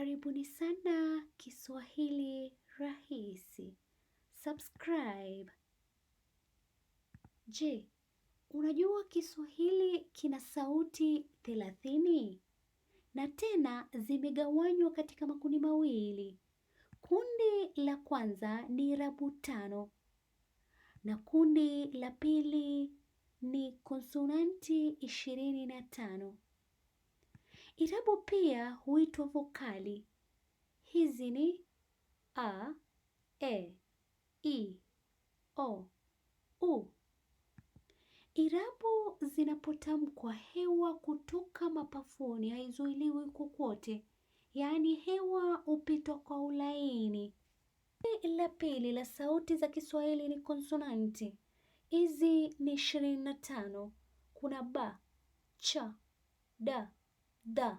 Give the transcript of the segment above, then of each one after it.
Karibuni sana Kiswahili Rahisi. Subscribe. Je, unajua Kiswahili kina sauti thelathini? Na tena zimegawanywa katika makundi mawili. Kundi la kwanza ni irabu tano na kundi la pili ni konsonanti ishirini na tano. Irabu pia huitwa vokali. Hizi ni a, e, i, o, u. Irabu zinapotamkwa, hewa kutoka mapafuni haizuiliwi kokote, yaani hewa hupitwa kwa ulaini. La pili la sauti za Kiswahili ni konsonanti. Hizi ni ishirini na tano. Kuna ba, cha, da, da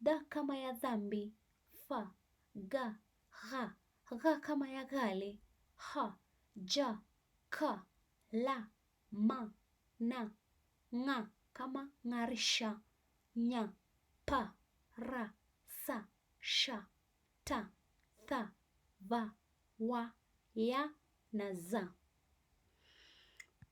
da kama ya dhambi, fa ga gha gha kama ya ghali, ha ja ka la ma na ng'a kama ng'arisha, nya pa ra sa sha ta tha va wa ya na za.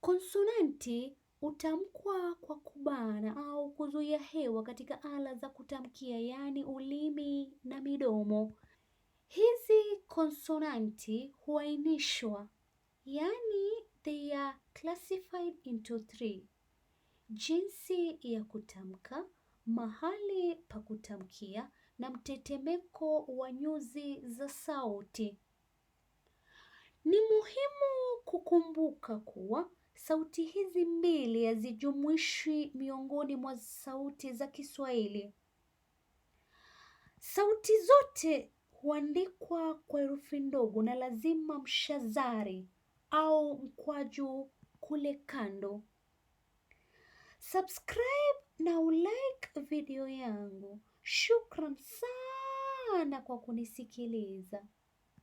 Konsonanti hutamkwa kwa kubana au kuzuia hewa katika ala za kutamkia, yaani ulimi na midomo. Hizi konsonanti huainishwa, yaani they are classified into three: jinsi ya kutamka, mahali pa kutamkia na mtetemeko wa nyuzi za sauti. Ni muhimu kukumbuka kuwa Sauti hizi mbili hazijumuishwi miongoni mwa sauti za Kiswahili. Sauti zote huandikwa kwa herufi ndogo na lazima mshazari au mkwaju kule kando. Subscribe na ulike video yangu. Shukran sana kwa kunisikiliza.